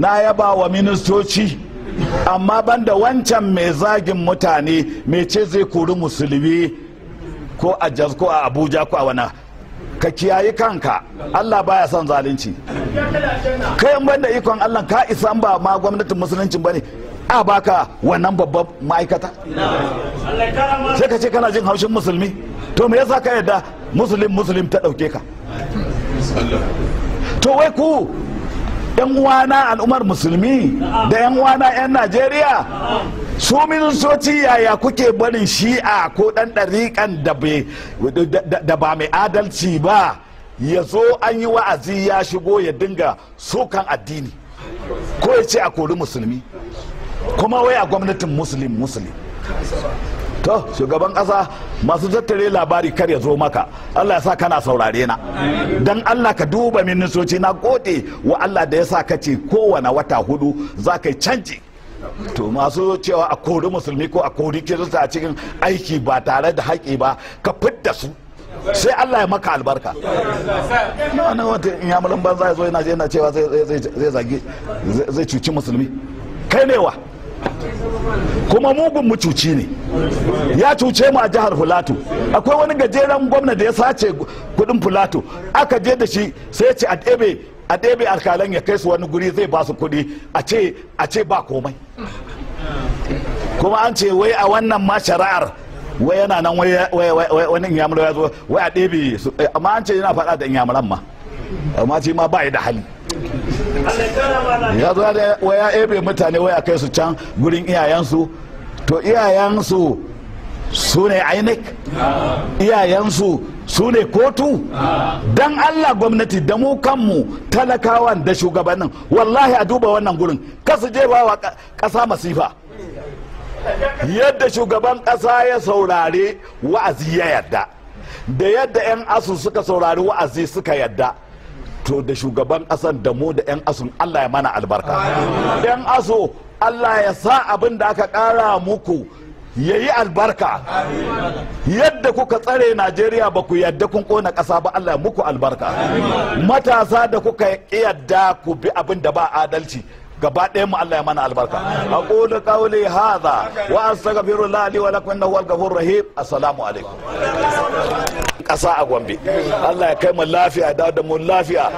na yaba wa ministoci amma banda wancan mai zagin mutane mai ce zai kori musulmi ko a jaz ko a abuja ko a wana ka kiyaye kanka allah baya son zalunci kai da ikon allah ka isa ba ma gwamnatin musulunci bane a baka wannan babban ma'aikata sai ka ce kana jin haushin musulmi to me yasa ka yadda musulmi musulmi ta dauke ka to wai ku yan uwana al'ummar musulmi da yan uwana yan najeriya su ministoci yaya kuke barin shi'a ko dan ɗariƙan da ba mai adalci ba ya zo an yi wa'azi ya shigo ya dinga sukan addini ko ya ce a kori musulmi kuma wai a gwamnatin musulmi musulmi to shugaban kasa masu tattare labari kar ya zo maka Allah ya sa kana saurare na dan Allah ka duba ministoci na gode wa Allah da ya sa ka ce kowane wata hudu za ka yi canji to masu cewa a kori musulmi ko a kori kirista a cikin aiki ba tare da haƙi ba ka fidda su sai Allah ya maka albarka wani wata in yamulan banza ya zo yana cewa zai zagi zai cuci musulmi kai ne wa kuma mugun mucuci ne ya cuce mu a jihar fulato akwai wani gajeren gwamna da ya sace kudin fulato aka je da shi sai ce a ɗebe a ɗebe alkalan ya kai su wani guri zai ba su kuɗi a ce a ce ba komai kuma an ce wai a wannan ma shari'ar wai yana nan wani ya zo wai a ɗebe eh, amma an ce yana faɗa da inyamuran ma amma shi ma ba da hali ya zo da waya ebe mutane waya kai su can gurin iyayensu to iyayensu su ne inec iyayensu su ne kotu don allah gwamnati da mu kanmu talakawan da shugabannin wallahi a duba wannan gurin kasu je wa kasa masifa yadda shugaban kasa ya saurari wa'azi ya yadda da yadda 'yan asu suka saurari wa'azi suka yadda to da shugaban ƙasan da mu da 'yan asun allah ya mana albarka 'yan aso allah ya sa abin da aka ƙara muku ya yi albarka yadda kuka tsare najeriya ba ku yadda kun kona ƙasa ba allah ya muku albarka matasa da kuka yadda ku bi abin da ba adalci gaba ɗayan mu Allah ya mana albarka aqulu ƙauli haza wa astaghfirullah lali wa lakwai na al-ghafurur rahim assalamu alaikum ƙasa a gombe allah ya kai mu lafiya da da mu lafiya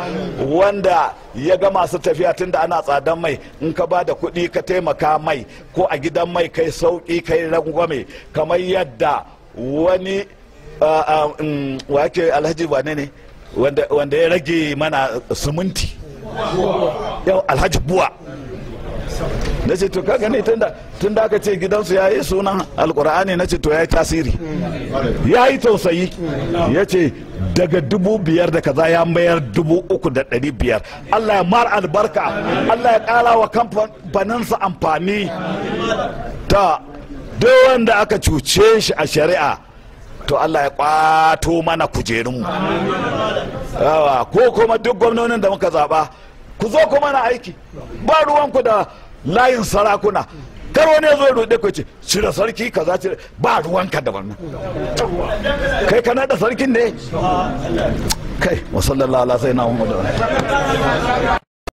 wanda ya ga masu tafiya tun da ana tsadan mai in ka ba da kuɗi ka taimaka mai ko a gidan mai kai sauƙi kai rangwame kamar yadda wani uh, um, wa alhaji wane ne wanda ya rage mana suminti yau alhaji buwa na ce to kaga ne tun da aka ce gidansu ya yi sunan alkur'ani na ce to ya yi tasiri ya yi tausayi ya ce daga dubu biyar da kaza ya mayar dubu uku da ɗari biyar allah ya mar albarka allah ya ƙara wa kamfaninsa amfani ta duk wanda aka cuce shi a shari'a to Allah ya kwato mana kujerunmu ko kuma duk gwamnonin da muka zaba ku zo ku mana aiki ba ruwanku da layin sarakuna kar wani ya zo ya ku ce cire sarki kaza cire ba ruwanka da wannan kai kana da sarkin ne kai wa sallallahu alaihi wa sallam